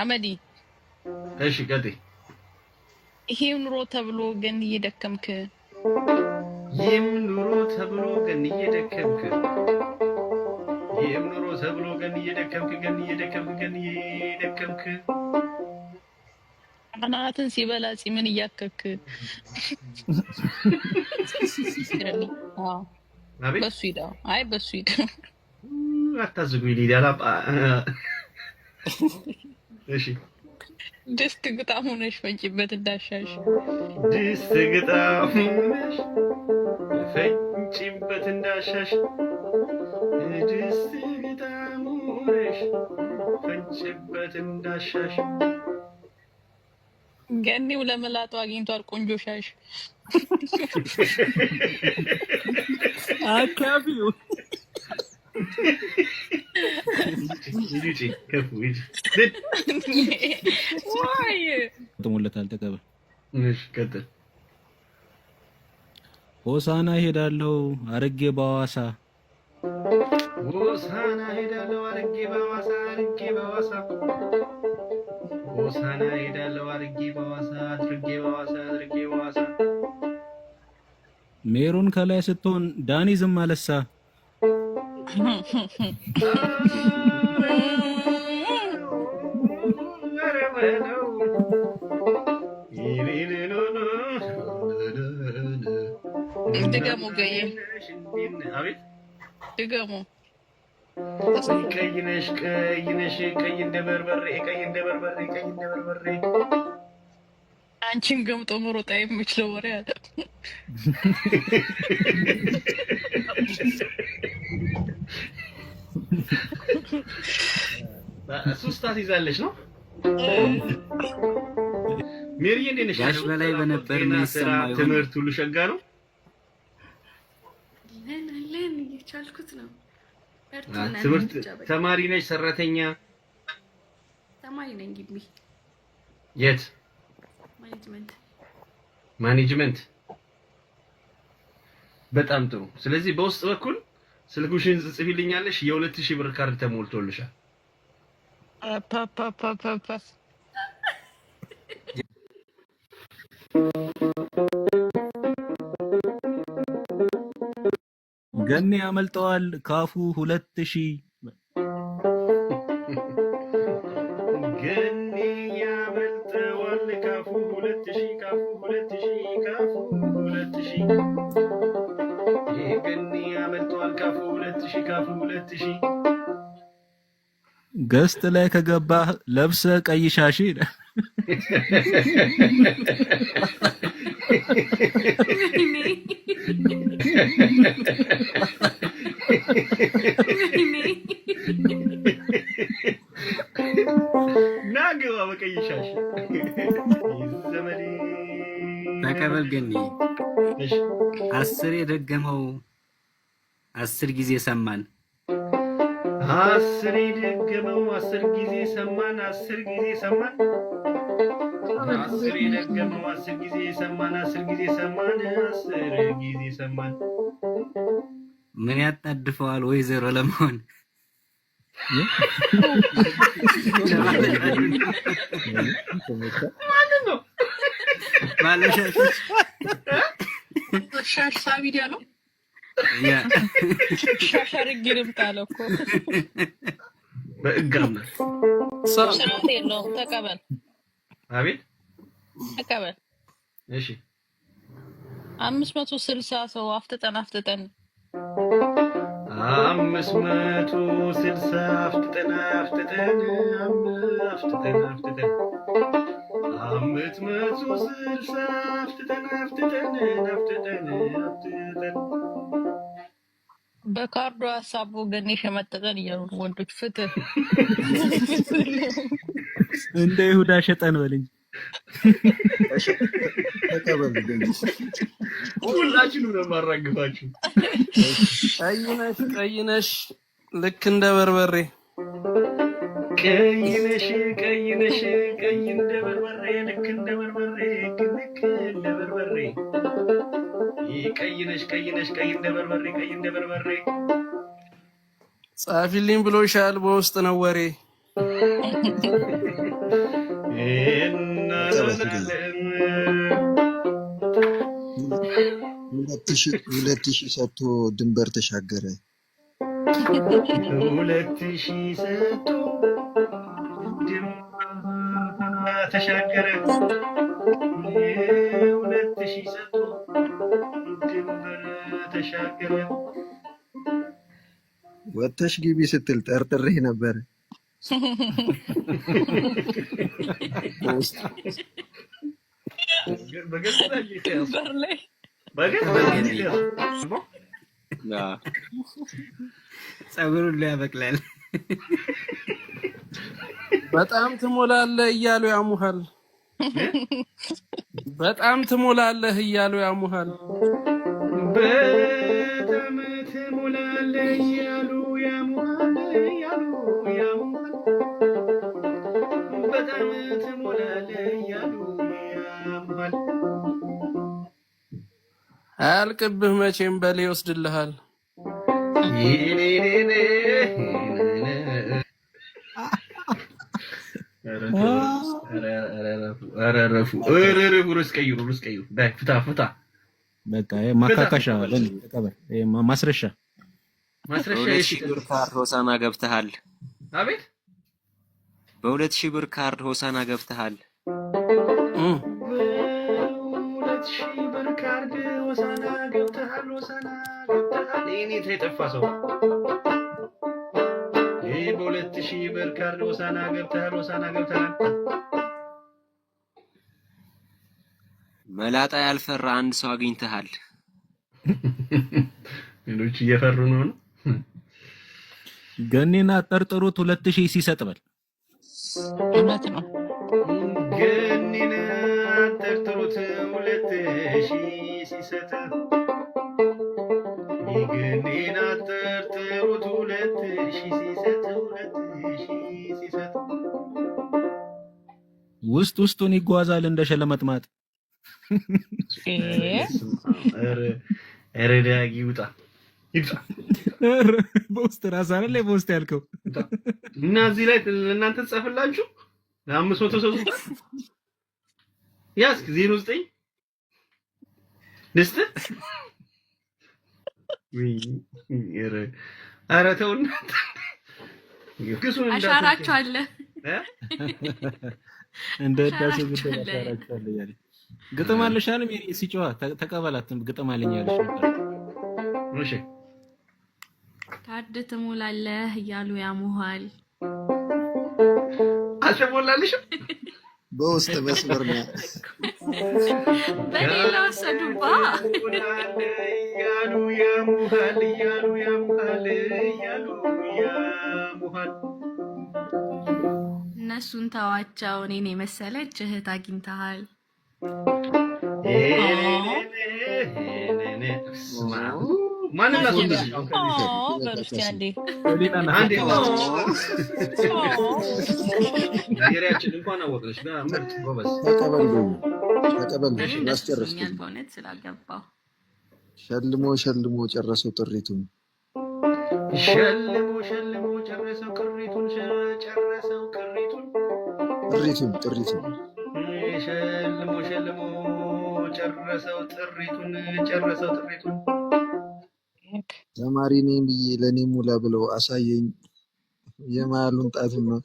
አመዲ እሺ፣ ቀጥይ። ይሄው ኑሮ ተብሎ ግን እየደከምክ ይሄም ኑሮ ተብሎ ግን እየደከምክ ይሄም ኑሮ ተብሎ ግን እየደከምክ ግን እየደከምክ ግን እየደከምክ አናትን ሲበላ ፂምን እያከክ በሱ ሂዳ አይ በሱ ሂዳ አታዝጉኝ ሊዳ እሺ ድስት ግጣም ሆነሽ ፈንጪበት እንዳሻሽ ድስት ግጣም ሆነሽ ፈንጪበት እንዳሻሽ ድስት ግጣም ሆነሽ ፈንጪበት እንዳሻሽ ገኒው ለመላጡ አግኝቷል ቆንጆ ሻሽ አካባቢው ሆሳና ሄዳለው አርጌ በሐዋሳ ሆሳና ሄዳለው አረጌ በሐዋሳ አረጌ በሐዋሳ ሆሳና ሄዳለው አረጌ በሐዋሳ አረጌ በሐዋሳ በሐዋሳ ሜሮን ከላይ ስትሆን ዳኒ ዝም አለሳ ድገሙ ገዬ ድገሙ። ቀይ እንደ በርበሬ ቀይ እንደ በርበሬ ቀይ እንደ በርበሬ አንቺን ገምጦ መሮጣ የምችለው ወሬ አለ። ሶስት ይዛለች ነው። እንዴት ነሽ? በላይ በነበር ትምህርት ሁሉ ሸጋ ነው። ለን ለን እየቻልኩት ነው። ትምህርት ተማሪ ነሽ? ሰራተኛ? ተማሪ ነኝ። ግቢ የት? ማኔጅመንት። ማኔጅመንት። በጣም ጥሩ። ስለዚህ በውስጥ በኩል ስልኩሽን ጽፊልኛለሽ። የሁለት ሺህ ብር ካርድ ተሞልቶልሻል። ገኔ ያመልጠዋል ካፉ ሁለት ሺህ ገስት ላይ ከገባ ለብሰ ቀይ ሻሽ ና ግባ በቀይ ተቀበል። ግን አስር የደገመው አስር ጊዜ ሰማን። አስሬ ደገመው። አስር ጊዜ ሰማን፣ አስር ጊዜ ሰማን፣ አስሬ ደገመው። አስር ጊዜ ሰማን፣ አስር ጊዜ ሰማን፣ አስር ጊዜ ሰማን። ምን ያጣድፈዋል ወይዘሮ ለመሆን ማለት ነው? ባለሻሽ ሻሽ ነው ሻሻርግ ልምጣለ እኮ በእግር ስርዓት የለውም። ተቀበል አቤት ተቀበል። እሺ አምስት መቶ ስልሳ ሰው አፍጥጠን አፍጥጠን አምስት መቶ ስልሳ አፍጥጠን አፍጥጠን አፍጥጠን አፍጥጠን አምስት መቶ ስልሳ አፍጥጠን አፍጥጠን አፍጥጠን አፍጥጠን በካርዶ ሀሳቡ ግን የሸመጠጠን እያሉ ወንዶች ፍትህ እንደ ይሁዳ ሸጠን በልኝ። ሁላችንም ነው የማራግፋችሁ። ቀይነሽ ቀይነሽ ልክ እንደ በርበሬ ቀይነሽ ቀይነሽ ቀይ እንደ በርበሬ ልክ እንደ በርበሬ ልክ እንደ በርበሬ ቀይ ቀይነሽ ቀይ እንደ በርበሬ ቀይ እንደ በርበሬ ጻፊልኝ ብሎሻል። በውስጥ ነው ወሬ ሁለት ሺህ ሰጥቶ ድንበር ተሻገረ። ሁለት ሺህ ሰጥቶ ድንበር ተሻገረ። ወጥተሽ ግቢ ስትል ጠርጥሬ ነበር። ጸጉሩን ሊያበቅላል በጣም ትሞላለህ እያሉ ያሙሃል። በጣም ትሞላለህ እያሉ ያሙሃል። ያሟላልኝ ያሉ ያሉ ያሟል በጣም ያሉ ያሟል። አያልቅብህ መቼም በል ይወስድልሃል። ማካካሻ ማስረሻ በሁለት ሺህ ብር ካርድ ሆሳና ገብተሃል። አቤት በሁለት ሺህ ብር ካርድ ሆሳና ገብተሃል። በሁለት ሆሳና ሆሳና ገብተሃል። መላጣ ያልፈራ አንድ ሰው አግኝተሃል። ሌሎች እየፈሩ ነው ነው ገኔና ጠርጥሩት ሁለት ሺህ ሲሰጥ በል እውነት ነው። ገኔና ጠርጥሩት ሁለት ሺህ ሲሰጥ ገኔና ጠርጥሩት ሁለት ሺህ ሲሰጥ ሁለት ሺህ ሲሰጥ ውስጥ ውስጡን ይጓዛል እንደ ሸለመጥማጥ። ኧረ ዳጊ ውጣ በውስጥ ራስ አለ ላይ በውስጥ ያልከው እና እዚህ ላይ እናንተ ትጻፍላችሁ ለአምስት መቶ ሰው ያስክ ዜሮ ዘጠኝ ልስጥ ኧረ ተው እናንተ አሻራችሁ አለ እንደ ዳሴ አሻራችሁ አለ ያለ ግጥም አለሽ አለ ሲጨዋ ተቀበላት ግጥም አለኝ ያለሽ እሺ ካርድ ትሞላለህ እያሉ ያሙሃል። አልተሞላልሽም በውስጥ መስመር ነው በሌላ ወሰዱባ እያሉ ያሙሃል እያሉ ያሙሃል እያሉ ያሙሃል። እነሱን ተዋቸው። እኔን የመሰለች እህት አግኝተሃል። ማንም ሸልሞ ሸልሞ ጨረሰው ጥሪቱን ሸልሞ ሸልሞ ጨረሰው ቅሪቱን ጨረሰው ቅሪቱን ጥሪቱን ጥሪቱን ሸልሞ ሸልሞ ጨረሰው ጥሪቱን ጨረሰው ጥሪቱን ተማሪ ነኝ ብዬ ለእኔ ሙላ ብለው አሳየኝ። የማሉን ጣት ነው።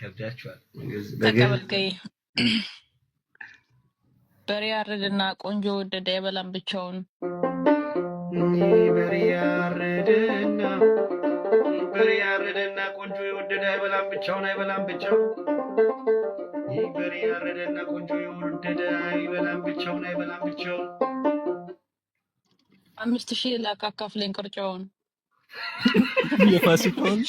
ከብዳችኋል። በሬ ያርድና ቆንጆ ወደደ አይበላም ብቻውን። በሬ ያርድና በሬ ያርድና ቆንጆ የወደደ አይበላም ብቻውን አይበላም ብቻው በሬ ያረደና ቆንጆ የወደደ አይበላም ብቻውን አይበላም ብቻውን። አምስት ሺህ ላካካፍለኝ ቅርጫውን የፋሲካውን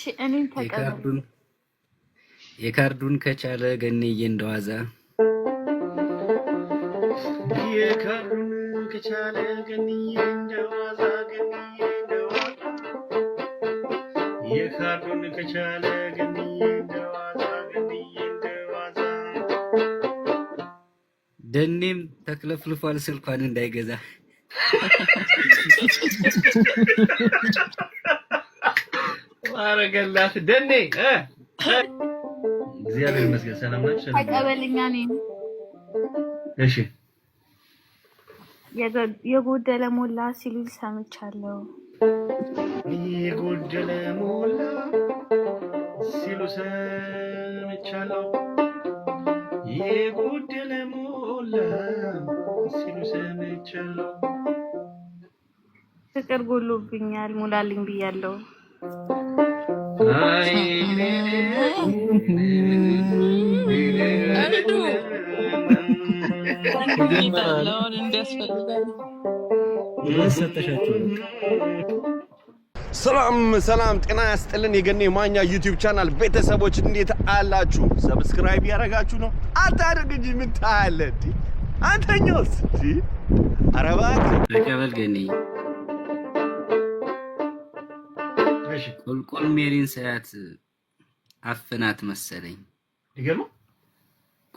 እሺ እኔን የካርዱን ከቻለ ገኔዬ እንደዋዛ የካርዱን ከቻለ ገኔዬ እንደዋዛ ገኔዬ እንደዋዛ የካርዱን ከቻለ ገኔዬ እንደዋዛ ገኔዬ እንደዋዛ ደኔም ተክለፍልፏል ስልኳን እንዳይገዛ አረገላት ደኔ እግዚአብሔር ይመስገን። ሰላም ናችሁ? ተቀበልኛ ነኝ። እሺ የጎደለ ሞላ ሲሉ ሰምቻለሁ። የጎደለ ሞላ ሲሉ ሰምቻለሁ። የጎደለ ሞላ ሲሉ ሰምቻለሁ። ፍቅር ጎሎብኛል፣ ሞላልኝ ብያለሁ። ሰላም ሰላም፣ ጤና ያስጥልን። የገኔ ማኛ ዩቲዩብ ቻናል ቤተሰቦች እንዴት አላችሁ? ሰብስክራይብ ያደረጋችሁ ነው? አታደርግ እንጂ ምን ታያለህ? አንተኛውስ? ኧረ እባክህ ገኔ ቁልቁል ሜሪን ሳያት አፍናት መሰለኝ። ይገርም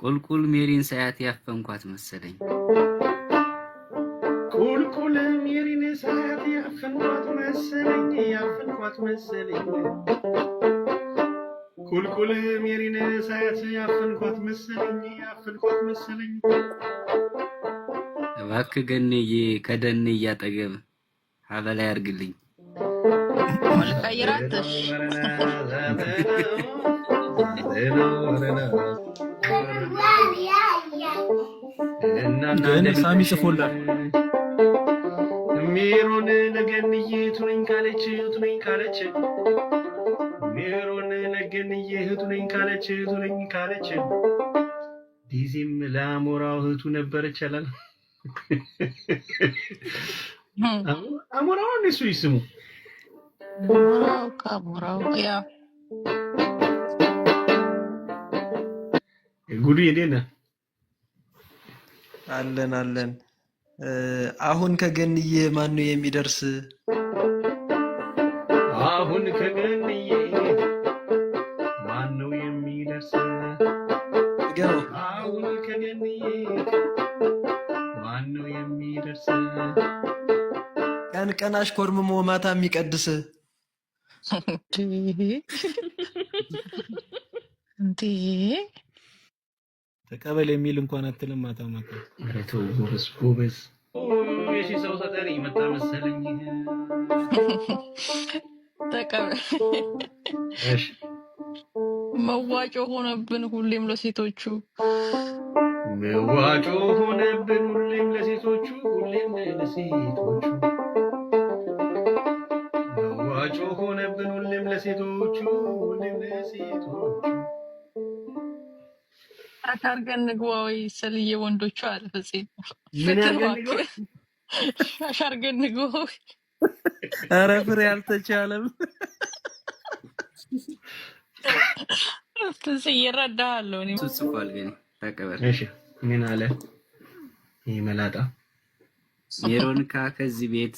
ቁልቁል ሜሪን ሳያት ያፈንኳት መሰለኝ። ቁልቁል ሜሪን ሳያት ያፈንኳት መሰለኝ። ያፈንኳት መሰለኝ። ቁልቁል ሜሪን ሳያት ያፈንኳት መሰለኝ። ያፈንኳት መሰለኝ። እባክህ ገነዬ ከደንዬ አጠገብ ሀበላ ያርግልኝ። ግን ሳሚ ጽፎላል። ሜሮን ነገንዬ እህቱ ነኝ ካለች እህቱ ነኝ ካለች ሜሮን ነገንዬ እህቱ ነኝ ካለች እህቱ ነኝ ካለች ዲዚም ለአሞራው እህቱ ነበር ይቻላል። አሞራው እሱ ይስሙ Roka Boroka. ጉዱ እንዴት ነህ? አለን አለን። አሁን ከገንዬ ማን ነው የሚደርስ? አሁን ከገንዬ ማን ነው የሚደርስ? አሁን ከገንዬ ማን ነው የሚደርስ? ቀን ቀን አሽኮርምሞ ማታ የሚቀድስ እንዴ ተቀበል የሚል እንኳን አትልም። ማታ ማታ ጎበዝ ጎበዝ ሰው ተጠሪ መጣ መሰለኝ። ተቀበል መዋጮ ሆነብን ሁሌም ለሴቶቹ መዋጮ ሆነብን ሁሌም ለሴቶቹ ሁሌም ለሴቶቹ መጮህ ሆነብን ሁሌም ለሴቶቹ ሁሌም ለሴቶቹ አታርገን ንግባ ወይ ሰልዬ ወንዶቹ አለ አሻርገን ንግባ ወይ ኧረ ፍሬ አልተቻለም ፍስ እየረዳሃለሁ ጽፏል ግን ምን አለ ይህ መላጣ ሜሮንካ ከዚህ ቤት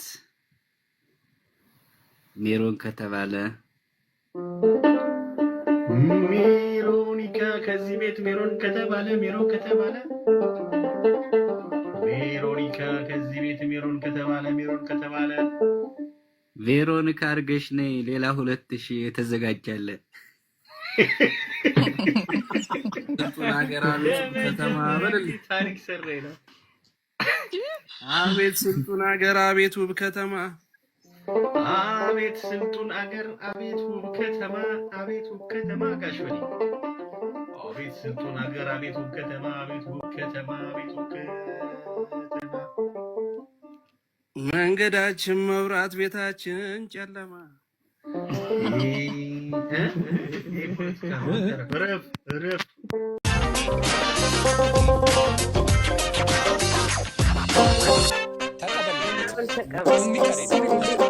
ሜሮን ከተባለ ሜሮኒካ ከዚህ ቤት ሜሮን ከተባለ ሜሮ ከተባለ ሜሮኒካ ከዚህ ቤት ሜሮን ከተባለ ሜሮን ከተባለ ቬሮኒካ አድርገሽ ነይ ሌላ ሁለት ሺህ የተዘጋጃለ ከተማ ታሪክ ሰራይ ነው። አቤት ስንቱን ሀገር አቤት ውብ ከተማ አቤት ስንቱን አገር አቤት ውብ ከተማ አቤት ውብ ከተማ ጋሽ አቤት ስንቱን አገር አቤት ውብ ከተማ አቤት ውብ ከተማ አቤት ውብ ከተማ መንገዳችን መብራት ቤታችን ጨለማ እረፍ ተቀበል